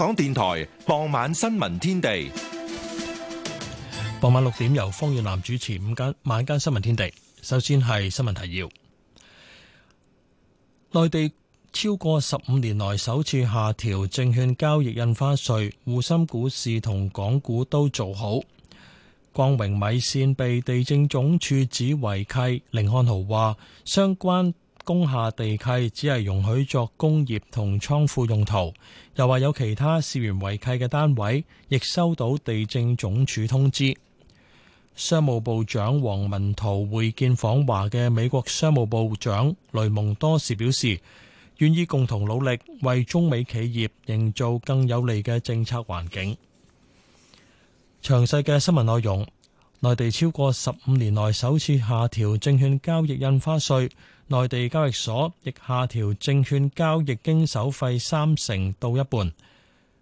香港電台傍晚新聞天地，傍晚六點由方遠南主持午間、晚間新聞天地。首先係新聞提要：內地超過十五年來首次下調證券交易印花稅，滬深股市同港股都做好。光榮米線被地政總署指違契，凌漢豪話相關。工廈地契只係容許作工業同倉庫用途，又話有其他涉嫌違契嘅單位，亦收到地政總署通知。商務部長王文濤會見訪華嘅美國商務部長雷蒙多時表示，願意共同努力為中美企業營造更有利嘅政策環境。詳細嘅新聞內容，內地超過十五年內首次下調證券交易印花稅。內地交易所亦下調證券交易經手費三成到一半，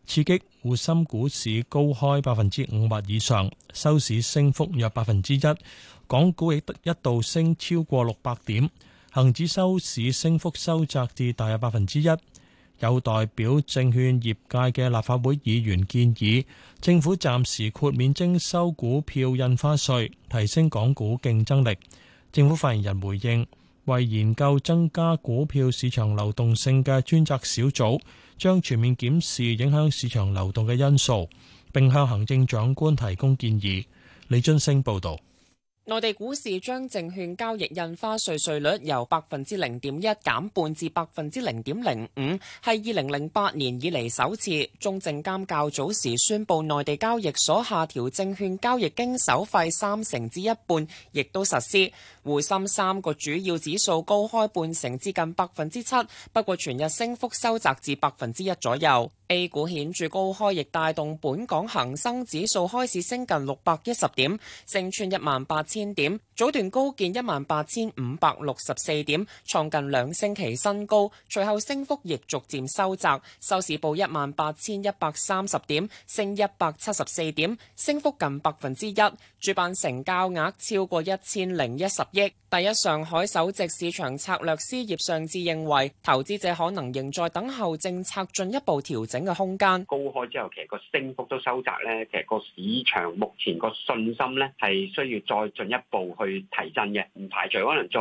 刺激滬深股市高開百分之五或以上，收市升幅約百分之一。港股亦一度升超過六百點，恒指收市升幅收窄至大約百分之一。有代表證券業界嘅立法會議員建議政府暫時豁免徵收股票印花稅，提升港股競爭力。政府發言人回應。為研究增加股票市場流動性嘅專責小組，將全面檢視影響市場流動嘅因素，並向行政長官提供建議。李津升報道：內地股市將證券交易印花稅稅率由百分之零點一減半至百分之零點零五，係二零零八年以嚟，首次。中證監較早時宣布內地交易所下調證券交易經手費三成至一半，亦都實施。滬深三個主要指數高開半成，至近百分之七，不過全日升幅收窄至百分之一左右。A 股顯著高開，亦帶動本港恒生指數開始升近六百一十點，升穿一萬八千點。早段高見一萬八千五百六十四點，創近兩星期新高，隨後升幅亦逐漸收窄，收市報一萬八千一百三十點，升一百七十四點，升幅近百分之一。主板成交額超過一千零一十第一上海首席市場策略師葉尚志認為投資者可能仍在等候政策進一步調整嘅空間。高開之後其實個升幅都收窄咧，其實個市場目前個信心咧係需要再進一步去提振嘅，唔排除可能再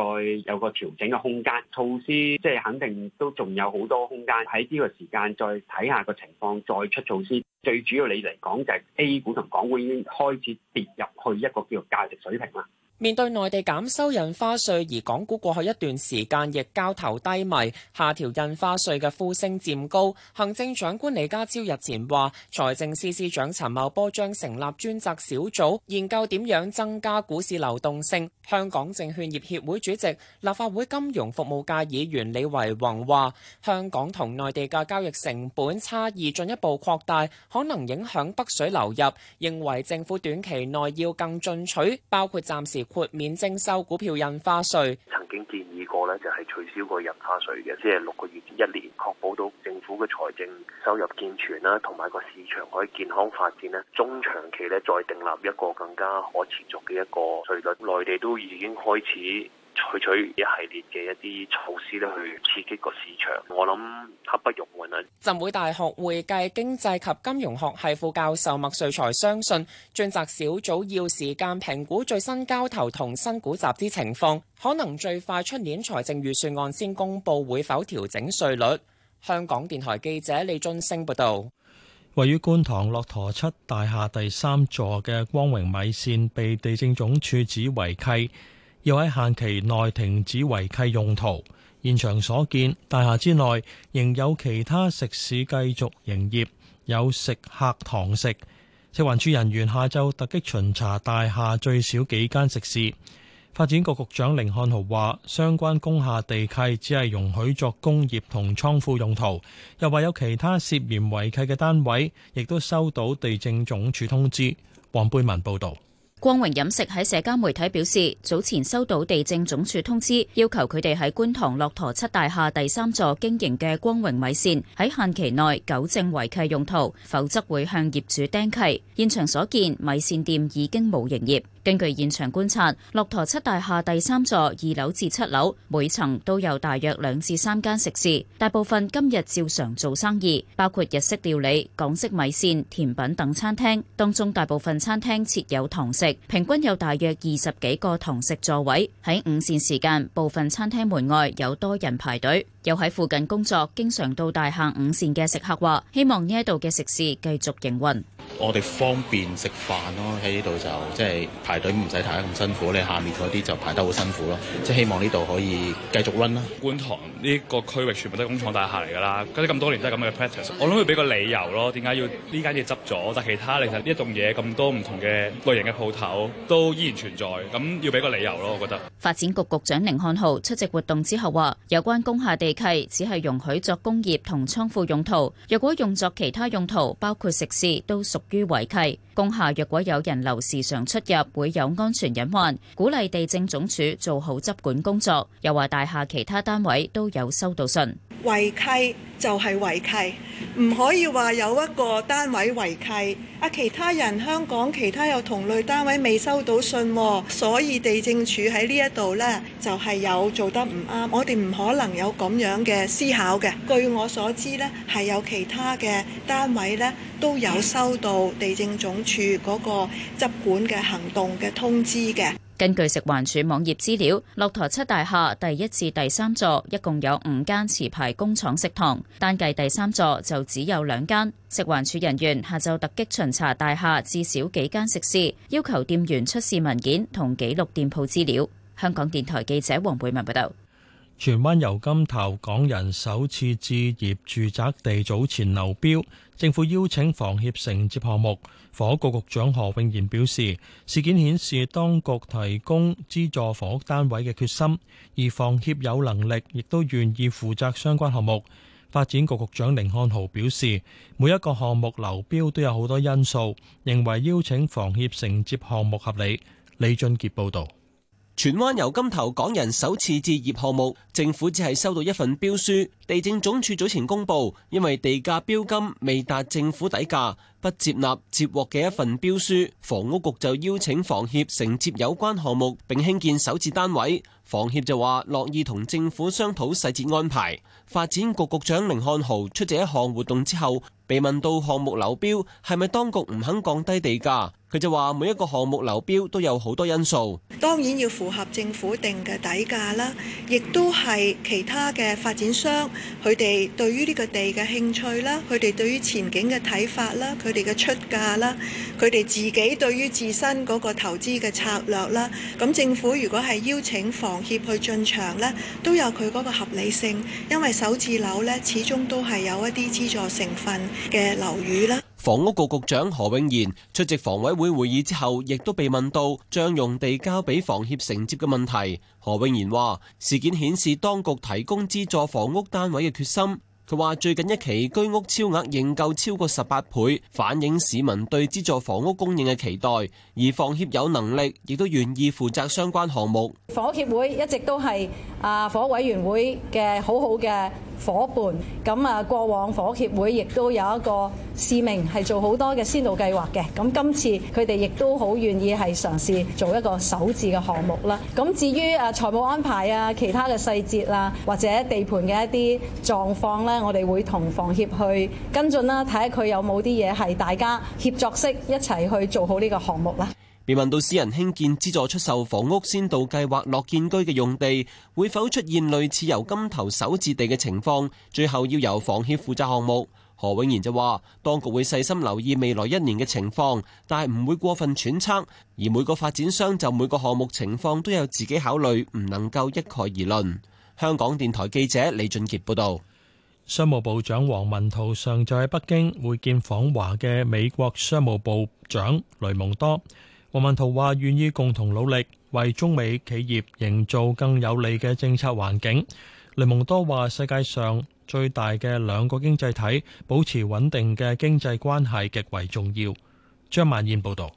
有個調整嘅空間措施，即係肯定都仲有好多空間喺呢個時間再睇下個情況再出措施。最主要你嚟講就係 A 股同港股已經開始跌入去一個叫做價值水平啦。面對內地減收印花稅，而港股過去一段時間亦交投低迷，下調印花稅嘅呼聲漸高。行政長官李家超日前話，財政司司長陳茂波將成立專責小組，研究點樣增加股市流動性。香港證券業協會主席、立法會金融服務界議員李維宏話：香港同內地嘅交易成本差異進一步擴大，可能影響北水流入，認為政府短期內要更進取，包括暫時豁免徵收股票印花稅，曾經建議過咧，就係取消個印花稅嘅，即係六個月至一年，確保到政府嘅財政收入健全啦，同埋個市場可以健康發展咧，中長期咧再訂立一個更加可持續嘅一個稅率。內地都已經開始。採取，取一系列嘅一啲措施咧，去刺激個市場。我諗刻不容緩啊！浸會大學會計經濟及金融學系副教授麥瑞才相信，專責小組要時間評估最新交投同新股集資情況，可能最快出年財政預算案先公布會否調整稅率。香港電台記者李津升報道。位於觀塘駱駝漆大廈第三座嘅光榮米線被地政總署指違契，要喺限期內停止違契用途。現場所見，大廈之內仍有其他食肆繼續營業，有食客堂食。食環署人員下晝突擊巡查大廈最少幾間食肆。發展局局長凌漢豪話：相關工廈地契只係容許作工業同倉庫用途。又話有其他涉嫌違契嘅單位，亦都收到地政總署通知。黃貝文報導。光榮飲食喺社交媒體表示，早前收到地政總署通知，要求佢哋喺觀塘駱駝七大廈第三座經營嘅光榮米線喺限期內糾正違契用途，否則會向業主釘契。現場所見，米線店已經冇營業。根據現場觀察，駱駝漆大廈第三座二樓至七樓每層都有大約兩至三間食肆，大部分今日照常做生意，包括日式料理、港式米線、甜品等餐廳。當中大部分餐廳設有堂食，平均有大約二十幾個堂食座位。喺午膳時間，部分餐廳門外有多人排隊。又喺附近工作，經常到大廈午膳嘅食客話：希望呢一度嘅食肆繼續營運。我哋方便食飯咯，喺呢度就即係排隊唔使排得咁辛苦，你下面嗰啲就排得好辛苦咯。即係希望呢度可以繼續運啦。觀塘呢個區域全部都係工廠大廈嚟㗎啦，跟住咁多年都係咁嘅 practice。我諗要俾個理由咯，點解要呢間嘢執咗？但係其他其實呢一棟嘢咁多唔同嘅類型嘅鋪頭都依然存在，咁要俾個理由咯。我覺得發展局局長甯漢豪出席活動之後話：有關工廈地契只係容許作工業同倉庫用途，若果用作其他用途，包括食肆，都屬於違契。工廈若果有人流時常出入，會有安全隱患。鼓勵地政總署做好執管工作。又話大廈其他單位都有收到信。違契就係違契，唔可以話有一個單位違契。啊其他人香港其他有同類單位未收到信，所以地政署喺呢一度呢，就係有做得唔啱，我哋唔可能有咁樣嘅思考嘅。據我所知呢係有其他嘅單位呢，都有收到地政總署嗰個執管嘅行動嘅通知嘅。根據食環署網頁資料，駱駝漆大廈第一至第三座一共有五間持牌工廠食堂，單計第三座就只有兩間。食環署人員下晝突擊巡查大廈，至少幾間食肆要求店員出示文件同記錄店鋪資料。香港電台記者黃貝文報道。荃灣油柑頭港人首次置業住宅地早前流標。政府邀請房協承接項目，房屋局局長何永賢表示，事件顯示當局提供資助房屋單位嘅決心，而房協有能力亦都願意負責相關項目。發展局局長甯漢豪表示，每一個項目流標都有好多因素，認為邀請房協承接項目合理。李俊傑報導。荃灣油柑頭港人首次置業項目，政府只係收到一份標書。地政總署早前公佈，因為地價標金未達政府底價，不接納接獲嘅一份標書。房屋局就邀請房協承接有關項目並興建首次單位，房協就話樂意同政府商討細節安排。發展局局長甯漢豪出席一項活動之後，被問到項目流標係咪當局唔肯降低地價？佢就話：每一個項目流標都有好多因素，當然要符合政府定嘅底價啦，亦都係其他嘅發展商佢哋對於呢個地嘅興趣啦，佢哋對於前景嘅睇法啦，佢哋嘅出價啦，佢哋自己對於自身嗰個投資嘅策略啦。咁政府如果係邀請房協去進場咧，都有佢嗰個合理性，因為首置樓呢，始終都係有一啲資助成分嘅樓宇啦。房屋局局長何永賢出席房委會會議之後，亦都被問到將用地交俾房協承接嘅問題。何永賢話：事件顯示當局提供資助房屋單位嘅決心。佢話最近一期居屋超額認購超過十八倍，反映市民對資助房屋供應嘅期待，而房協有能力亦都願意負責相關項目。房屋協會一直都係啊房屋委員會嘅好好嘅伙伴，咁啊，過往房協會亦都有一個使命係做好多嘅先導計劃嘅，咁今次佢哋亦都好願意係嘗試做一個首置嘅項目啦。咁至於誒財務安排啊、其他嘅細節啊，或者地盤嘅一啲狀況呢，我哋會同房協去跟進啦、啊，睇下佢有冇啲嘢係大家協作式一齊去做好呢個項目啦。被問到私人興建資助出售房屋先導計劃落建居嘅用地會否出現類似由金頭首置地嘅情況，最後要由房協負責項目，何永賢就話：當局會細心留意未來一年嘅情況，但係唔會過分揣測。而每個發展商就每個項目情況都有自己考慮，唔能夠一概而論。香港電台記者李俊傑報導。商務部長王文濤上晝喺北京會見訪華嘅美國商務部長雷蒙多。王文濤話願意共同努力，為中美企業營造更有利嘅政策環境。雷蒙多話，世界上最大嘅兩個經濟體保持穩定嘅經濟關係極為重要。張曼燕報道。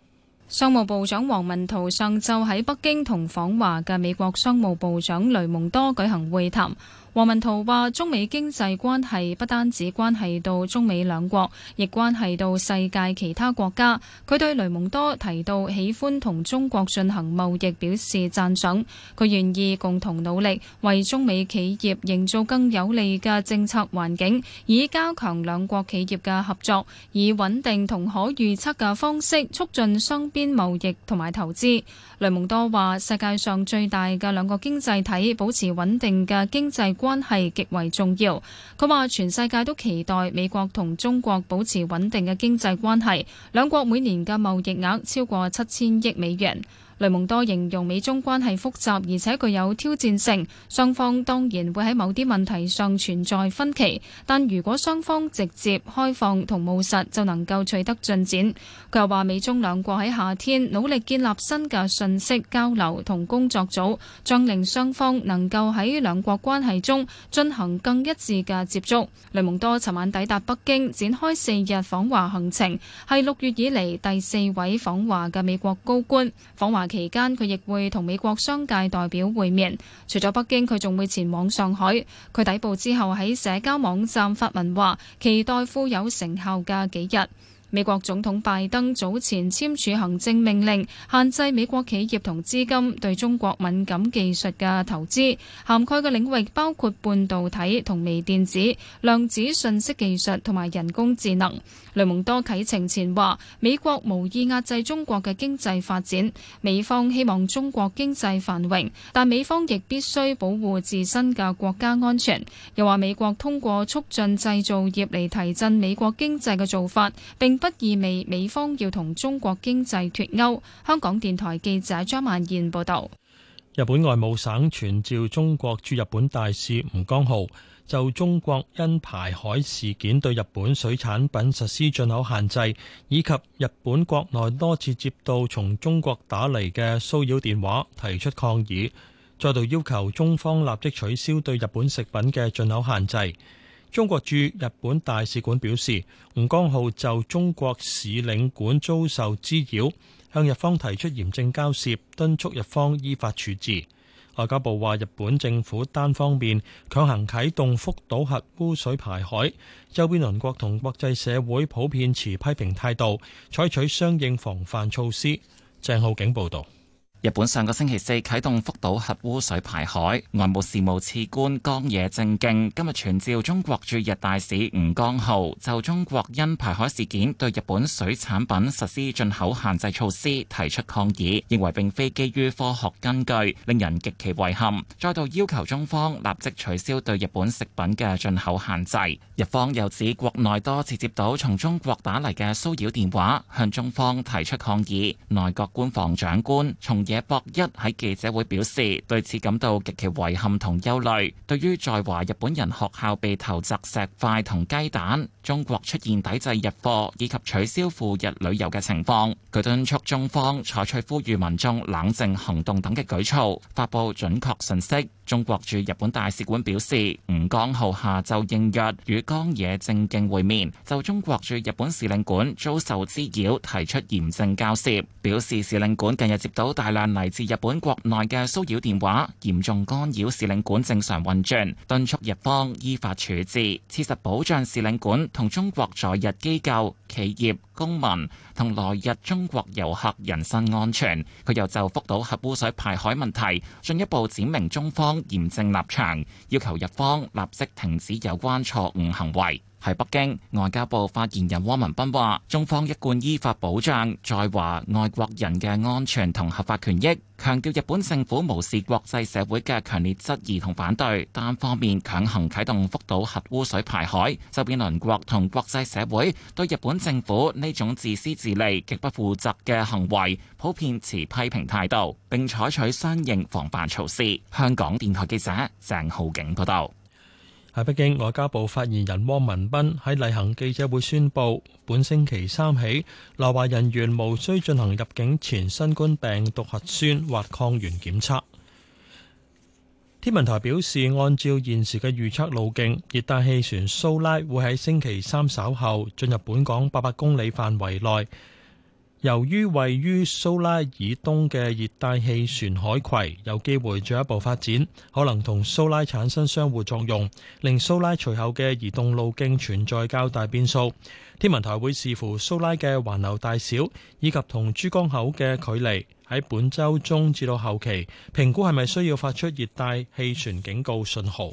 商務部長王文濤上晝喺北京同訪華嘅美國商務部長雷蒙多舉行會談。王文濤話：中美經濟關係不單止關係到中美兩國，亦關係到世界其他國家。佢對雷蒙多提到喜歡同中國進行貿易表示讚賞。佢願意共同努力，為中美企業營造更有利嘅政策環境，以加強兩國企業嘅合作，以穩定同可預測嘅方式促進雙邊貿易同埋投資。雷蒙多話：世界上最大嘅兩個經濟體保持穩定嘅經濟。關係極為重要。佢話：全世界都期待美國同中國保持穩定嘅經濟關係，兩國每年嘅貿易額超過七千億美元。雷蒙多形容美中關係複雜，而且具有挑戰性。雙方當然會喺某啲問題上存在分歧，但如果雙方直接開放同務實，就能夠取得進展。佢又話：美中兩國喺夏天努力建立新嘅信息交流同工作組，將令雙方能夠喺兩國關係中進行更一致嘅接觸。雷蒙多尋晚抵達北京，展開四日訪華行程，係六月以嚟第四位訪華嘅美國高官。訪華。期間，佢亦會同美國商界代表會面。除咗北京，佢仲會前往上海。佢抵步之後，喺社交網站發文話，期待富有成效嘅幾日。美國總統拜登早前簽署行政命令，限制美國企業同資金對中國敏感技術嘅投資，涵蓋嘅領域包括半導體同微電子、量子信息技術同埋人工智能。雷蒙多啟程前話：美國無意壓制中國嘅經濟發展，美方希望中國經濟繁榮，但美方亦必須保護自身嘅國家安全。又話美國通過促進製造業嚟提振美國經濟嘅做法，並。不意味美方要同中國經濟脫鈎，香港電台記者張萬燕報道。日本外務省傳召中國駐日本大使吳江浩就中國因排海事件對日本水產品實施進口限制，以及日本國內多次接到從中國打嚟嘅騷擾電話提出抗議，再度要求中方立即取消對日本食品嘅進口限制。中國駐日本大使館表示，吳江浩就中國使領館遭受滋擾，向日方提出嚴正交涉，敦促日方依法處置。外交部話，日本政府單方面強行啟動福島核污水排海，周邊鄰國同國際社會普遍持批評態度，採取相應防範措施。鄭浩景報道。日本上個星期四啟動福島核污水排海，外務事務次官江野正敬今日傳召中國駐日大使吳江浩，就中國因排海事件對日本水產品實施進口限制措施提出抗議，認為並非基於科學根據，令人極其遺憾，再度要求中方立即取消對日本食品嘅進口限制。日方又指國內多次接到從中國打嚟嘅騷擾電話，向中方提出抗議。內閣官房長官從野博一喺記者會表示，對此感到極其遺憾同憂慮。對於在華日本人學校被投擲石塊同雞蛋，中國出現抵制日貨以及取消赴日旅遊嘅情況，佢敦促中方採取呼籲民眾冷靜行動等嘅舉措，發布準確信息。中國駐日本大使館表示，吳江浩下晝應約與江野正敬會面，就中國駐日本使領館遭受滋擾提出嚴正交涉，表示使領館近日接到大量，但嚟自日本國內嘅騷擾電話，嚴重干擾使領館正常運轉，敦促日方依法處置，切實保障使領館同中國在日機構、企業、公民同來日中國遊客人身安全。佢又就福島核污水排海問題，進一步闡明中方嚴正立場，要求日方立即停止有關錯誤行為。喺北京，外交部發言人汪文斌話，中方一貫依法保障在華外國人嘅安全同合法權益，強調日本政府無視國際社會嘅強烈質疑同反對，單方面強行啟動福島核污水排海，周邊鄰國同國際社會對日本政府呢種自私自利、極不負責嘅行為，普遍持批評態度，并采取相應防範措施。香港電台記者鄭浩景報道。喺北京，外交部發言人汪文斌喺例行記者會宣布，本星期三起，來華人員無需進行入境前新冠病毒核酸或抗原檢測。天文台表示，按照現時嘅預測路徑，熱帶氣旋蘇拉會喺星期三稍後進入本港八百公里範圍內。由於位於蘇拉以東嘅熱帶氣旋海葵有機會進一步發展，可能同蘇拉產生相互作用，令蘇拉隨後嘅移動路徑存在較大變數。天文台會視乎蘇拉嘅環流大小，以及同珠江口嘅距離，喺本週中至到後期，評估係咪需要發出熱帶氣旋警告信號。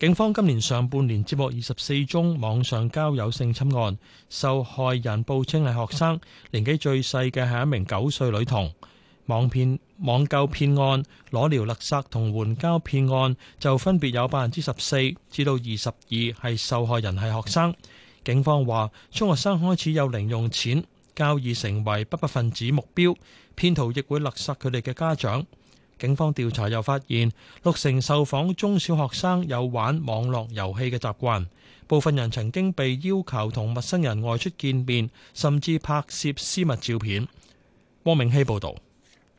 警方今年上半年接獲二十四宗網上交友性侵案，受害人報稱係學生，年紀最細嘅係一名九歲女童。網騙、網購騙案、裸聊勒殺同援交騙案就分別有百分之十四至到二十二係受害人係學生。警方話，中學生開始有零用錢，交易成為不法分子目標，騙徒亦會勒殺佢哋嘅家長。警方調查又發現，六成受訪中小學生有玩網絡遊戲嘅習慣，部分人曾經被要求同陌生人外出見面，甚至拍攝私密照片。汪明熙報導。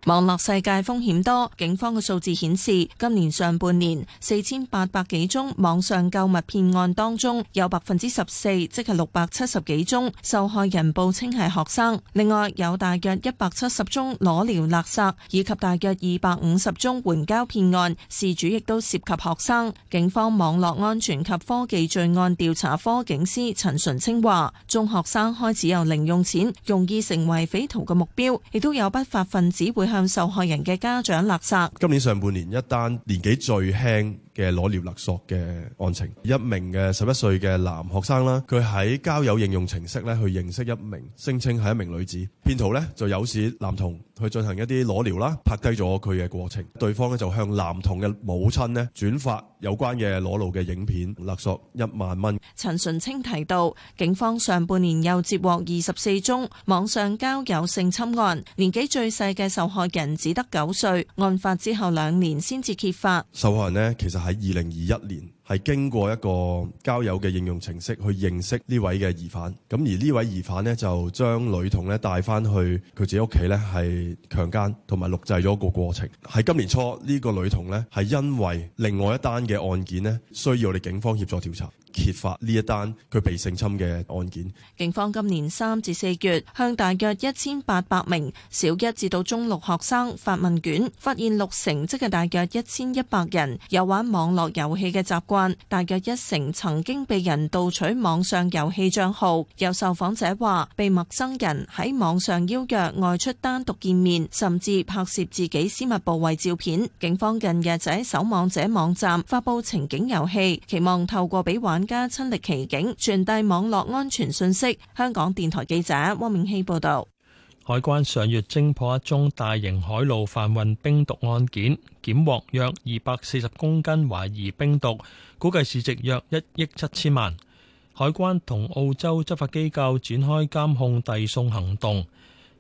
網絡世界風險多，警方嘅數字顯示，今年上半年四千八百幾宗網上購物騙案當中，有百分之十四，即係六百七十幾宗，受害人報稱係學生。另外有大約一百七十宗裸聊勒索，以及大約二百五十宗援交騙案，事主亦都涉及學生。警方網絡安全及科技罪案調查科警司陳純清話，中學生開始有零用錢，容易成為匪徒嘅目標，亦都有不法分子會。向受害人嘅家長勒索。今年上半年一單年紀最輕嘅裸聊勒索嘅案情，一名嘅十一歲嘅男學生啦，佢喺交友應用程式咧去認識一名聲稱係一名女子，騙徒咧就誘使男童去進行一啲裸聊啦，拍低咗佢嘅過程，對方咧就向男童嘅母親咧轉發有關嘅裸露嘅影片，勒索一萬蚊。陳順清提到，警方上半年又接獲二十四宗網上交友性侵案，年紀最細嘅受害人只得九歲，案發之後兩年先至揭發。受害人咧其實係。喺二零二一年，係經過一個交友嘅應用程式，去認識呢位嘅疑犯，咁而呢位疑犯呢，就將女童呢帶翻去佢自己屋企呢係強姦同埋錄製咗個過程。喺今年初，呢個女童呢，係因為另外一單嘅案件呢，需要我哋警方協助調查。揭發呢一單佢被性侵嘅案件。警方今年三至四月向大約一千八百名小一至到中六學生發問卷，發現六成即係大約一千一百人有玩網絡遊戲嘅習慣，大約一成曾經被人盜取網上遊戲帳號。有受訪者話，被陌生人喺網上邀約外出單獨見面，甚至拍攝自己私密部位照片。警方近日就喺守網者網站發布情景遊戲，期望透過俾玩。更加親歷其境，傳遞網絡安全信息。香港電台記者汪明希報道：海關上月偵破一宗大型海路販運冰毒案件，檢獲約二百四十公斤懷疑冰毒，估計市值約一億七千萬。海關同澳洲執法機構展開監控遞送行動，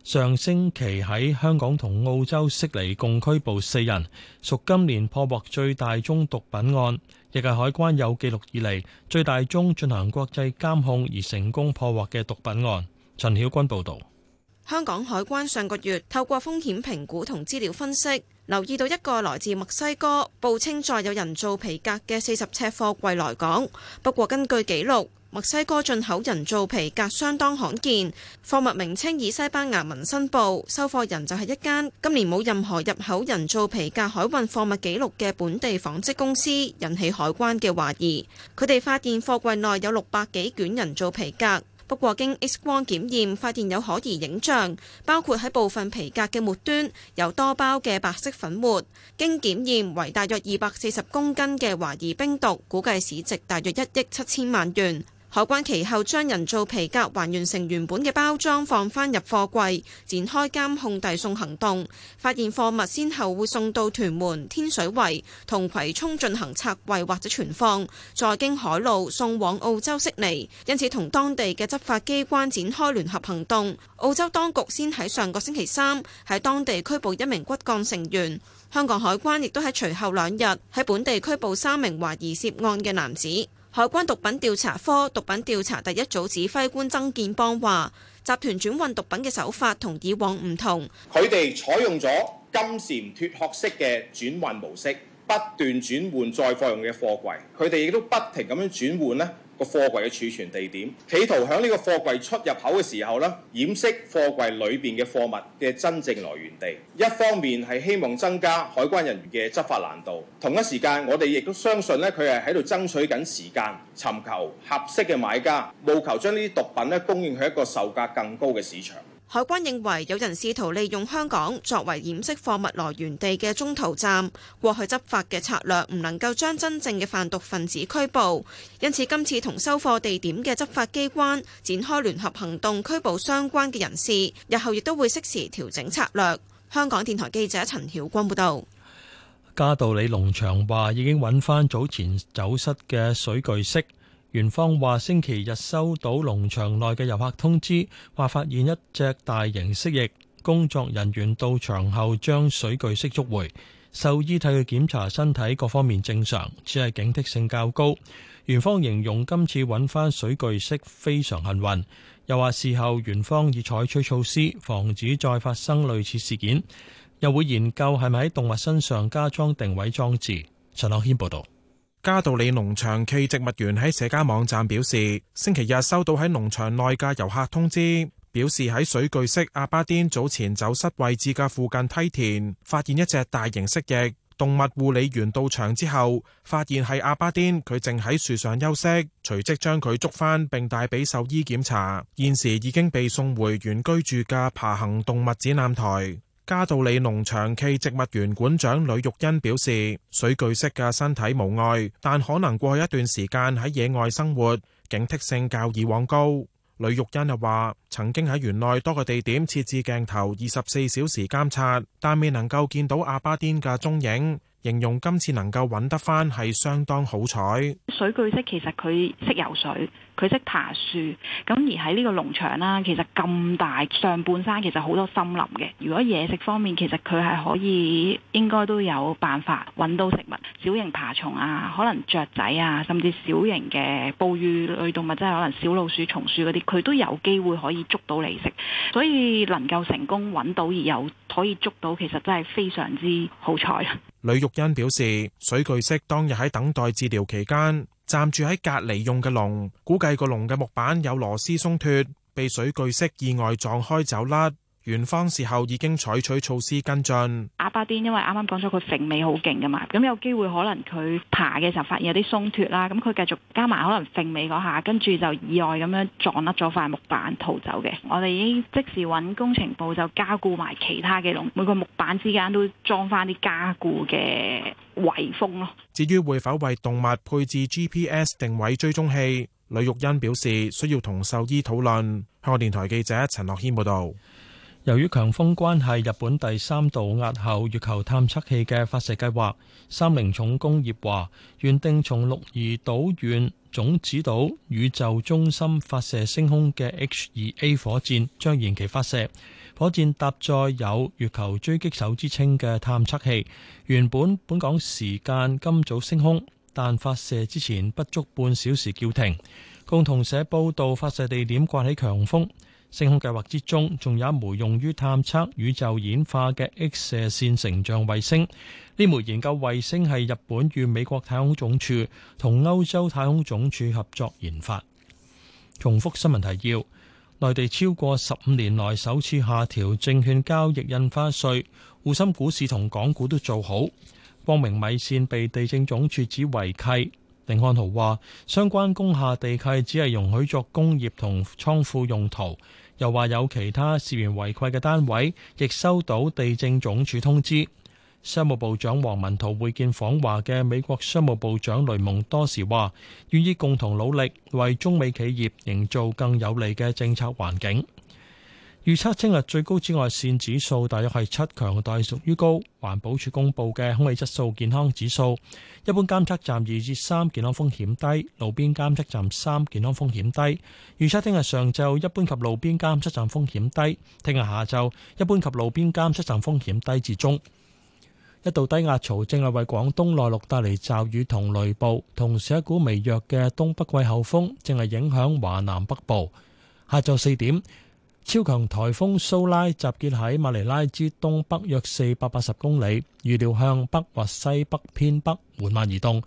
上星期喺香港同澳洲悉尼共拘捕四人，屬今年破獲最大宗毒品案。亦係海關有記錄以嚟最大宗進行國際監控而成功破獲嘅毒品案。陳曉君報導，香港海關上個月透過風險評估同資料分析，留意到一個來自墨西哥、報稱載有人造皮革嘅四十尺貨櫃來港。不過根據記錄，墨西哥進口人造皮革相當罕見，貨物名稱以西班牙文申報，收貨人就係一間今年冇任何入口人造皮革海運貨物記錄嘅本地紡織公司，引起海關嘅懷疑。佢哋發現貨櫃內有六百幾卷人造皮革，不過經 X 光檢驗發現有可疑影像，包括喺部分皮革嘅末端有多包嘅白色粉末，經檢驗為大約二百四十公斤嘅懷疑冰毒，估計市值大約一億七千萬元。海關其後將人造皮革還原成原本嘅包裝，放返入貨櫃，展開監控遞送行動。發現貨物先後會送到屯門天水圍同葵涌進行拆櫃或者存放，再經海路送往澳洲悉尼。因此同當地嘅執法機關展開聯合行動。澳洲當局先喺上個星期三喺當地拘捕一名骨幹成員，香港海關亦都喺隨後兩日喺本地拘捕三名懷疑涉案嘅男子。海關毒品調查科毒品調查第一組指揮官曾建邦話：集團轉運毒品嘅手法同以往唔同，佢哋採用咗金蟬脫殼式嘅轉運模式，不斷轉換載貨用嘅貨櫃，佢哋亦都不停咁樣轉換咧，個貨櫃嘅儲存地點，企圖喺呢個貨櫃出入口嘅時候咧，掩飾貨櫃裏邊嘅貨物嘅真正來源地。一方面係希望增加海關人員嘅執法難度，同一時間我哋亦都相信咧，佢係喺度爭取緊時間，尋求合適嘅買家，務求將呢啲毒品咧，供應去一個售價更高嘅市場。海軍認為有人試圖利用香港作為掩飾貨物來源地嘅中途站，過去執法嘅策略唔能夠將真正嘅販毒分子拘捕，因此今次同收貨地點嘅執法機關展開聯合行動，拘捕相關嘅人士。日後亦都會適時調整策略。香港電台記者陳曉君報道，加道李龍長話已經揾翻早前走失嘅水巨式。園方話星期日收到農場內嘅遊客通知，話發現一隻大型蜥蜴。工作人員到場後，將水巨蜥捉回，獸醫替佢檢查身體，各方面正常，只係警惕性較高。園方形容今次揾翻水巨蜥非常幸運，又話事後園方已採取措施，防止再發生類似事件，又會研究係咪喺動物身上加裝定位裝置。陳樂謙報道。嘉道理農場暨植物園喺社交網站表示，星期日收到喺農場內嘅遊客通知，表示喺水巨蜥阿巴甸早前走失位置嘅附近梯田發現一隻大型蜥蜴。動物護理員到場之後，發現係阿巴甸，佢正喺樹上休息，隨即將佢捉返並帶俾獸醫檢查，現時已經被送回原居住嘅爬行動物展覽台。嘉道里農場暨植物園館長呂玉欣表示，水巨蜥嘅身體無礙，但可能過去一段時間喺野外生活，警惕性較以往高。呂玉欣又話，曾經喺園內多個地點設置鏡頭，二十四小時監察，但未能夠見到阿巴甸嘅蹤影，形容今次能夠揾得翻係相當好彩。水巨蜥其實佢識游水。佢識爬樹，咁而喺呢個農場啦，其實咁大上半山，其實好多森林嘅。如果嘢食方面，其實佢係可以應該都有辦法揾到食物，小型爬蟲啊，可能雀仔啊，甚至小型嘅哺乳類動物，即係可能小老鼠、松鼠嗰啲，佢都有機會可以捉到你食。所以能夠成功揾到而又可以捉到，其實真係非常之好彩。呂玉欣表示，水巨蜥當日喺等待治療期間，站住喺隔籬用嘅籠，估計個籠嘅木板有螺絲鬆脫，被水巨蜥意外撞開走甩。園方事後已經採取措施跟進。阿巴丁因為啱啱講咗佢揈尾好勁噶嘛，咁有機會可能佢爬嘅時候發現有啲鬆脫啦，咁佢繼續加埋可能揈尾嗰下，跟住就意外咁樣撞甩咗塊木板逃走嘅。我哋已經即時搵工程部就加固埋其他嘅籠，每個木板之間都裝翻啲加固嘅圍封咯。至於會否為動物配置 GPS 定位追蹤器，呂玉欣表示需要同獸醫討論。香港電台記者陳樂謙報道。由於強風關係，日本第三度押後月球探測器嘅發射計劃。三菱重工業話，原定從鹿兒島縣種子島宇宙中心發射升空嘅 H2A 火箭將延期發射。火箭搭載有月球狙擊手之稱嘅探測器，原本本港時間今早升空，但發射之前不足半小時叫停。共同社報道，發射地點刮起強風。星空計劃之中，仲有一枚用於探測宇宙演化嘅 X 射線成像衛星。呢枚研究衛星係日本與美國太空總署同歐洲太空總署合作研發。重複新聞提要：內地超過十五年來首次下調證券交易印花稅，滬深股市同港股都做好。光明米線被地政總署指違契，林漢豪話相關工廈地契只係容許作工業同倉庫用途。又話有其他涉嫌違規嘅單位，亦收到地政總署通知。商務部長王文濤會見訪華嘅美國商務部長雷蒙多時話，願意共同努力，為中美企業營造更有利嘅政策環境。預測聽日最高紫外線指數大約係七，強度屬於高。環保署公布嘅空氣質素健康指數，一般監測站二至三，健康風險低；路邊監測站三，健康風險低。預測聽日上晝一般及路邊監測站風險低，聽日下晝一般及路邊監測站風險低至中。一度低壓槽正係為廣東內陸帶嚟驟雨同雷暴，同時一股微弱嘅東北季候風正係影響華南北部。下晝四點。超強颱風蘇拉集結喺馬尼拉之東北約四百八十公里，預料向北或西北偏北緩慢移動，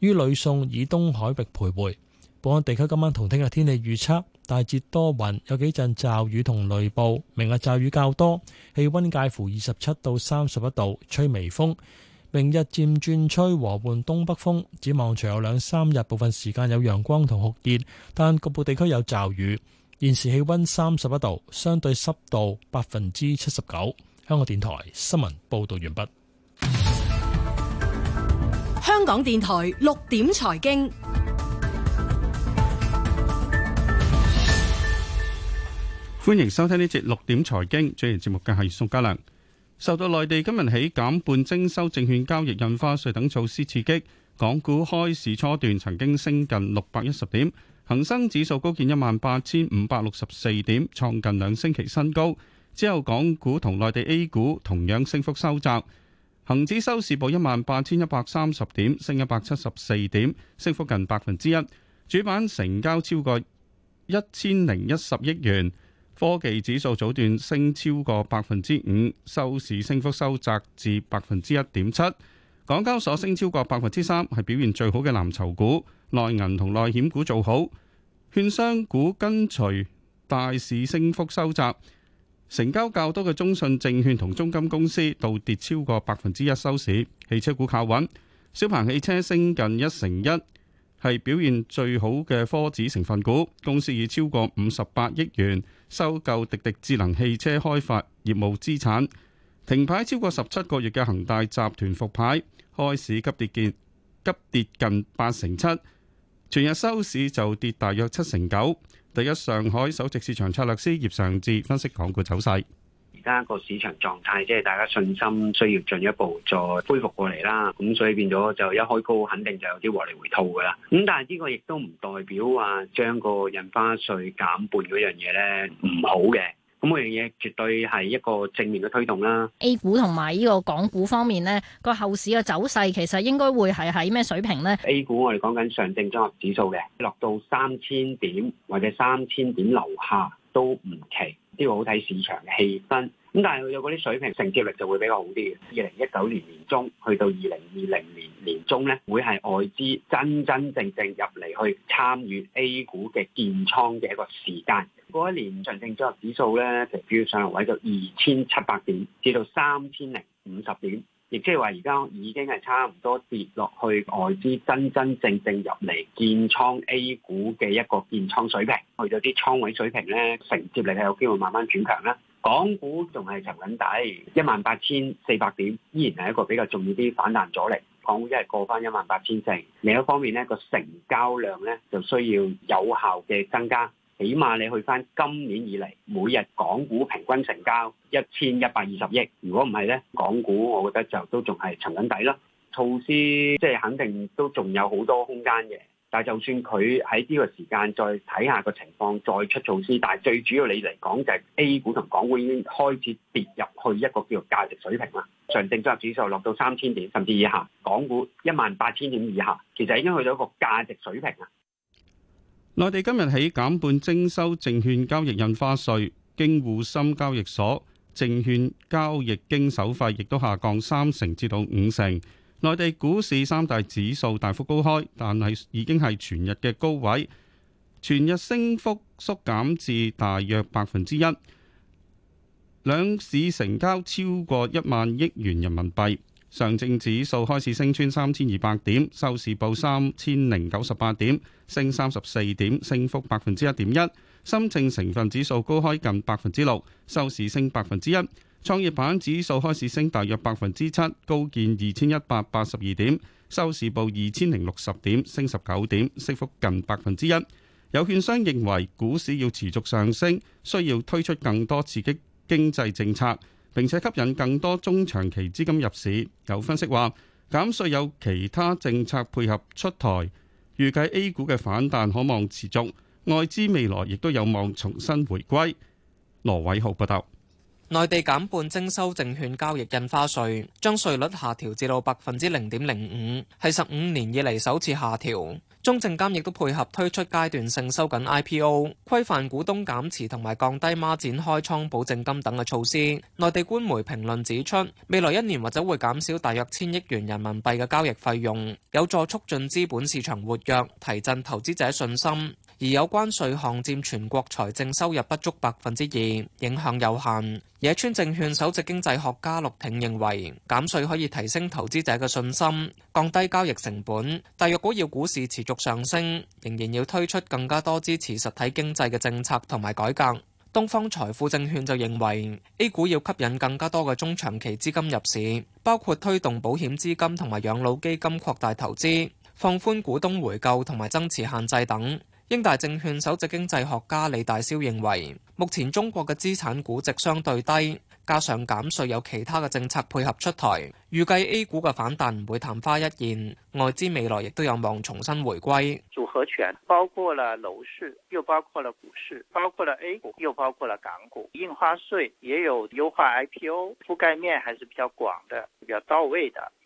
於呂宋以東海域徘徊。本港地區今晚同聽日天氣預測大致多雲，有幾陣驟雨同雷暴。明日驟雨較多，氣温介乎二十七到三十一度，吹微風。明日漸轉吹和緩東北風，展望長有兩三日部分時間有陽光同酷熱，但局部地區有驟雨。現時氣溫三十一度，相對濕度百分之七十九。香港電台新聞報道完畢。香港電台六點財經，歡迎收聽呢節六點財經。主持節目嘅係蘇家良。受到內地今日起減半徵收證券交易印花稅等措施刺激，港股開市初段曾經升近六百一十點。恒生指數高見一萬八千五百六十四點，創近兩星期新高。之後，港股同內地 A 股同樣升幅收窄。恒指收市報一萬八千一百三十點，升一百七十四點，升幅近百分之一。主板成交超過一千零一十億元。科技指數早段升超過百分之五，收市升幅收窄至百分之一點七。港交所升超過百分之三，係表現最好嘅藍籌股。內銀同內險股做好，券商股跟隨大市升幅收窄。成交較多嘅中信證券同中金公司，倒跌超過百分之一收市。汽車股靠穩，小鵬汽車升近一成一，係表現最好嘅科指成分股。公司以超過五十八億元收購滴滴智能汽車開發業務資產。停牌超過十七個月嘅恒大集團復牌。開市急跌急跌近八成七，全日收市就跌大約七成九。第一上海首席市場策略師葉尚志分析港股走勢：而家個市場狀態即係大家信心需要進一步再恢復過嚟啦，咁所以變咗就一開高肯定就有啲獲利回吐噶啦。咁但係呢個亦都唔代表話將個印花稅減半嗰樣嘢咧唔好嘅。咁每樣嘢絕對係一個正面嘅推動啦。A 股同埋呢個港股方面咧，個後市嘅走勢其實應該會係喺咩水平咧？A 股我哋講緊上證綜合指數嘅，落到三千點或者三千點樓下。都唔奇，呢個好睇市場嘅氣氛。咁但係有嗰啲水平承接力就會比較好啲。二零一九年年中去到二零二零年年中呢，會係外資真真正正入嚟去參與 A 股嘅建倉嘅一個時間。嗰一年上證綜合指數呢，就主要上行位到二千七百點至到三千零五十點。亦即係話，而家已經係差唔多跌落去外資真真正正入嚟建倉 A 股嘅一個建倉水平，去到啲倉位水平咧，承接力係有機會慢慢轉強啦。港股仲係沉緊底，一萬八千四百點依然係一個比較重要啲反彈阻力。港股一係過翻一萬八千四，另一方面咧，個成交量咧就需要有效嘅增加。起碼你去翻今年以嚟，每日港股平均成交一千一百二十億。如果唔係呢，港股我覺得就都仲係沉緊底啦。措施即係肯定都仲有好多空間嘅。但係就算佢喺呢個時間再睇下個情況，再出措施，但係最主要你嚟講就係 A 股同港股已經開始跌入去一個叫做價值水平啦。上證綜合指數落到三千點甚至以下，港股一萬八千點以下，其實已經去到一個價值水平啦。內地今日起減半徵收證券交易印花稅，京滬深交易所證券交易經手費亦都下降三成至到五成。內地股市三大指數大幅高開，但係已經係全日嘅高位，全日升幅縮減至大約百分之一，兩市成交超過一萬億元人民幣。上證指數開始升穿三千二百點，收市報三千零九十八點，升三十四點，升幅百分之一點一。深證成分指數高開近百分之六，收市升百分之一。創業板指數開始升大約百分之七，高見二千一百八十二點，收市報二千零六十點，升十九點，升幅近百分之一。有券商認為，股市要持續上升，需要推出更多刺激經濟政策。並且吸引更多中長期資金入市。有分析話，減稅有其他政策配合出台，預計 A 股嘅反彈可望持續，外資未來亦都有望重新回歸。羅偉浩報道，內地減半徵收證券交易印花稅，將稅率下調至到百分之零點零五，係十五年以嚟首次下調。中證監亦都配合推出階段性收緊 IPO、規範股東減持同埋降低孖展開倉保證金等嘅措施。內地官媒評論指出，未來一年或者會減少大約千億元人民幣嘅交易費用，有助促進資本市場活躍，提振投資者信心。而有關稅項佔全國財政收入不足百分之二，影響有限。野村證券首席經濟學家陸挺認為，減稅可以提升投資者嘅信心，降低交易成本。但若果要股市持續上升，仍然要推出更加多支持實體經濟嘅政策同埋改革。東方財富證券就認為，A 股要吸引更加多嘅中長期資金入市，包括推動保險資金同埋養老基金擴大投資，放寬股東回購同埋增持限制等。英大證券首席經濟學家李大霄認為，目前中國嘅資產估值相對低，加上減稅有其他嘅政策配合出台，預計 A 股嘅反彈唔會曇花一現，外資未來亦都有望重新回歸。組合拳包括了樓市，又包括了股市，包括了 A 股，又包括了港股。印花稅也有優化，IPO 覆蓋面還是比較廣的，比較到位的。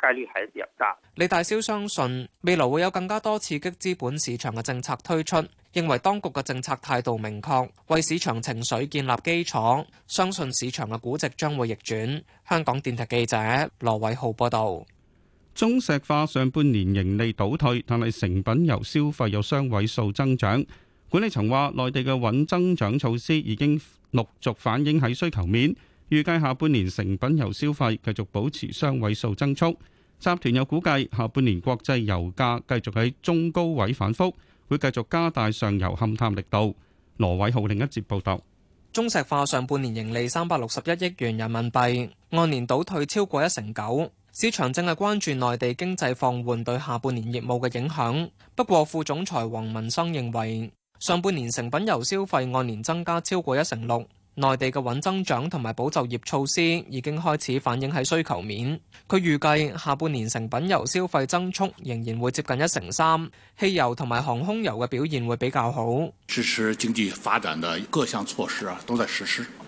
概率係一日加。李大霄相信未來會有更加多刺激資本市場嘅政策推出，認為當局嘅政策態度明確，為市場情緒建立基礎，相信市場嘅估值將會逆轉。香港電台記者羅偉浩報道：「中石化上半年盈利倒退，但係成品油消費有雙位數增長。管理層話，內地嘅穩增長措施已經陸續反映喺需求面。預計下半年成品油消費繼續保持雙位數增速。集團又估計下半年國際油價繼續喺中高位反覆，會繼續加大上游勘探力度。羅偉浩另一節報道，中石化上半年盈利三百六十一億元人民幣，按年倒退超過一成九。市場正係關注內地經濟放緩對下半年業務嘅影響。不過，副總裁黃文生認為，上半年成品油消費按年增加超過一成六。內地嘅穩增長同埋保就業措施已經開始反映喺需求面。佢預計下半年成品油消費增速仍然會接近一成三，汽油同埋航空油嘅表現會比較好。經濟發展的各項措施啊，都在實施。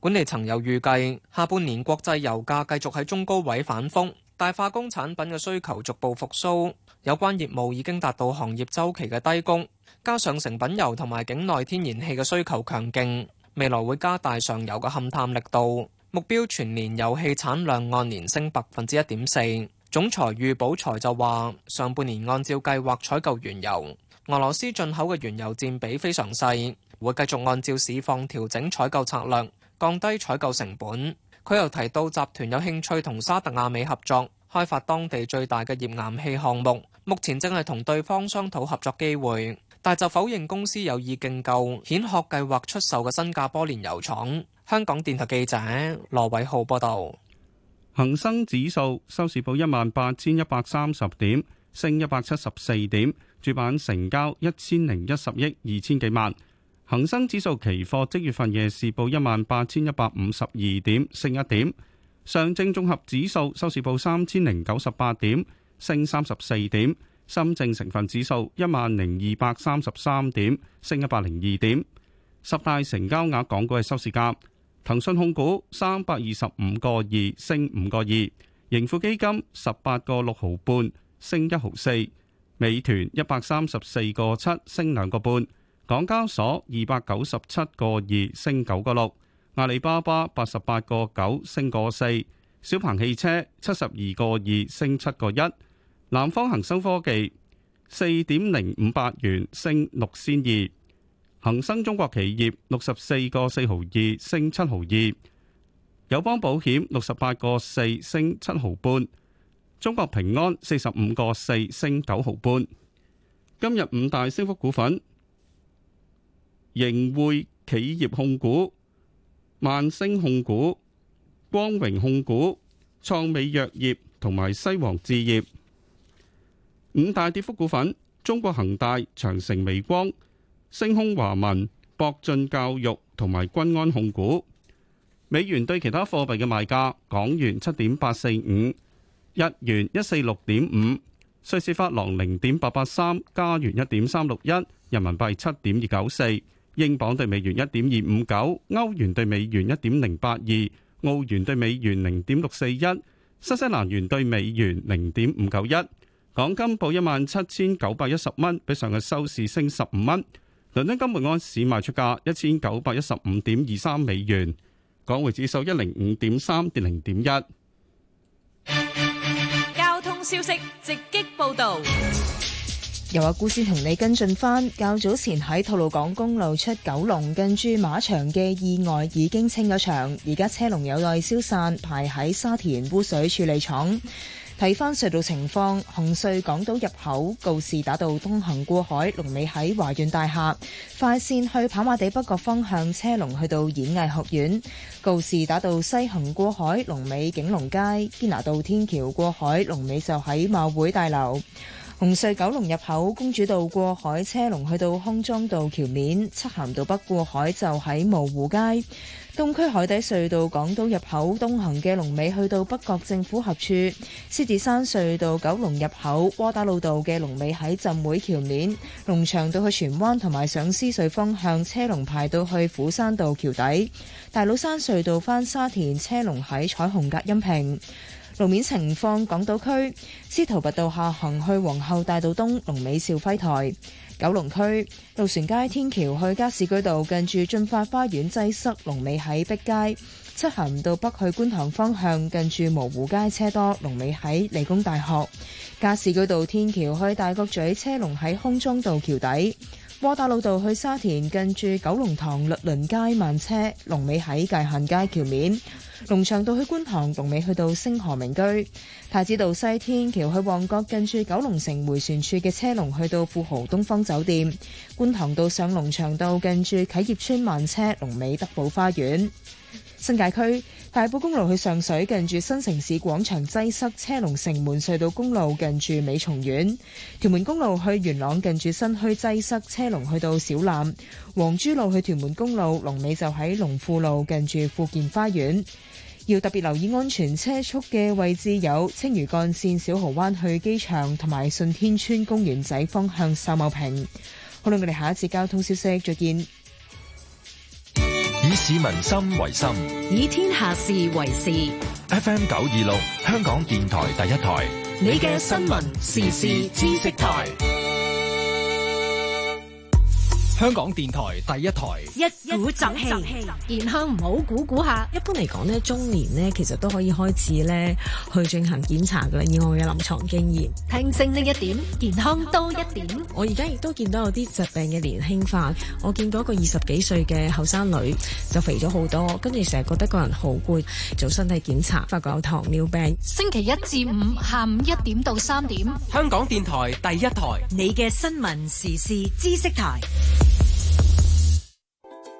管理層又預計下半年國際油價繼續喺中高位反覆，大化工產品嘅需求逐步復甦，有關業務已經達到行業周期嘅低谷，加上成品油同埋境內天然氣嘅需求強勁，未來會加大上游嘅勘探力度。目標全年油氣產量按年升百分之一點四。總裁喻寶才就話：上半年按照計劃採購原油，俄羅斯進口嘅原油佔比非常細，會繼續按照市況調整採購策略。降低採購成本。佢又提到，集團有興趣同沙特阿美合作開發當地最大嘅頁岩氣項目，目前正係同對方商討合作機會。但就否認公司有意競購蜆殼計劃出售嘅新加坡煉油廠。香港電台記者羅偉浩報道。恒生指數收市報一萬八千一百三十點，升一百七十四點，主板成交一千零一十億二千幾萬。恒生指數期貨即月份夜市報一萬八千一百五十二點，升一點。上證綜合指數收市報三千零九十八點，升三十四點。深證成分指數一萬零二百三十三點，升一百零二點。十大成交額港股嘅收市價：騰訊控股三百二十五個二，升五個二；盈富基金十八個六毫半，升一毫四；美團一百三十四個七，升兩個半。港交所二百九十七個二，升九個六，阿里巴巴八十八個九，升個四，小鵬汽車七十二個二，升七個一，南方恒生科技四點零五八元，升六仙二，恒生中國企業六十四個四毫二，升七毫二，友邦保險六十八個四，升七毫半，中國平安四十五個四，升九毫半。今日五大升幅股份。盈匯企業控股、萬星控股、光榮控股、創美藥業同埋西王置業。五大跌幅股份，中國恆大、長城微光、星空華文、博進教育同埋均安控股。美元對其他貨幣嘅賣價：港元七點八四五，日元一四六點五，瑞士法郎零點八八三，加元一點三六一，人民幣七點二九四。英鎊對美元一點二五九，歐元對美元一點零八二，澳元對美元零點六四一，新西蘭元對美元零點五九一。港金報一萬七千九百一十蚊，比上日收市升十五蚊。倫敦金每盎司賣出價一千九百一十五點二三美元。港匯指數一零五點三跌零點一。交通消息，直擊報道。又話故事同你跟進返較早前喺吐露港公路出九龍近住馬場嘅意外已經清咗場，而家車龍有待消散，排喺沙田污水處理廠。睇翻隧道情況，紅隧港島入口告士打道東行過海，龍尾喺華潤大廈；快線去跑馬地北角方向車龍去到演藝學院，告士打道西行過海，龍尾景隆街；堅拿道天橋過海，龍尾就喺馬會大樓。紅隧九龍入口公主道過海車龍去到康莊道橋面，漆咸道北過海就喺蕪湖街。東區海底隧道港島入口東行嘅龍尾去到北角政府合處。獅子山隧道九龍入口窩打老道嘅龍尾喺浸會橋面，龍翔道去荃灣同埋上獅隧方向車龍排到去斧山道橋底。大老山隧道翻沙田車龍喺彩虹隔音屏。路面情況：港島區司徒拔道下行去皇后大道東，龍尾肇輝臺；九龍區渡船街天橋去加士居道，近住駿發花園擠塞，塞，龍尾喺碧街；漆咸道北去觀塘方向，近住蕪湖街車多，龍尾喺理工大學；加士居道天橋去大角咀，車龍喺空中道橋底；窩打老道去沙田，近住九龍塘律倫街慢車，龍尾喺界限街橋面。龍翔道去觀塘，龍尾去到星河名居；太子道西天橋去旺角，近住九龍城回旋處嘅車龍去到富豪東方酒店。觀塘道上龍翔道，近住啟業邨慢車，龍尾德寶花園。新界區大埔公路去上水，近住新城市廣場擠塞車龍，城門隧道公路近住美松苑。屯門公路去元朗，近住新墟擠塞車龍去到小欖。黃珠路去屯門公路，龍尾就喺龍富路近住富健花園。要特別留意安全車速嘅位置有青嶼幹線、小蠔灣去機場同埋順天村公園仔方向秀茂坪。好啦，我哋下一節交通消息，再見。以市民心為心，以天下事為事。FM 九二六，香港電台第一台，你嘅新聞時事知識台。香港電台第一台，一鼓振氣，氣健康唔好估估下。一般嚟講呢中年呢其實都可以開始呢去進行檢查噶啦。以我嘅臨床經驗，聽正呢一點，健康多一點。一點我而家亦都見到有啲疾病嘅年輕化。我見到一個二十幾歲嘅後生女就肥咗好多，跟住成日覺得個人好攰，做身體檢查發覺有糖尿病。星期一至五下午一點到三點，香港電台第一台，你嘅新聞時事知識台。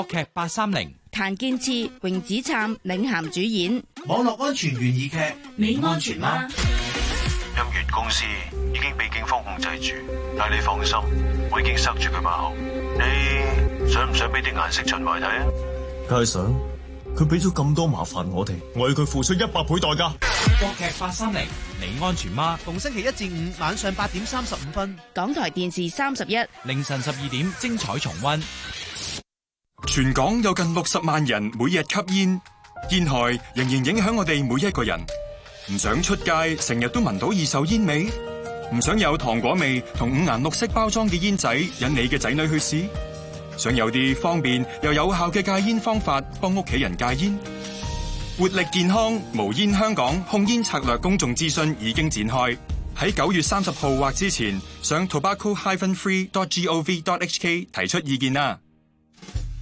國劇八三零，譚建次、榮子琛領銜主演。網絡安全懸疑劇，你安全嗎？音樂公司已經被警方控制住，但你放心，我已經塞住佢把口。你想唔想俾啲顏色秦淮睇啊？梗係想。佢俾咗咁多麻煩我哋，我要佢付出一百倍代價。國劇八三零，你安全嗎？逢星期一至五晚上八點三十五分，港台電視三十一，凌晨十二點精彩重溫。全港有近60萬人每日吸煙，煙害仍然影響我哋每一個人。唔想出街，成日都聞到二手煙味。唔想有糖果味同五顏六色包裝嘅煙仔引你嘅仔女去試。想有啲方便，又有效嘅戒煙方法幫屋企人戒煙。活力健康，無煙香港，控煙策略公眾諮詢已經展開。喺9月30號或之前，上 tobacco-free.gov.hk 提出意見啦。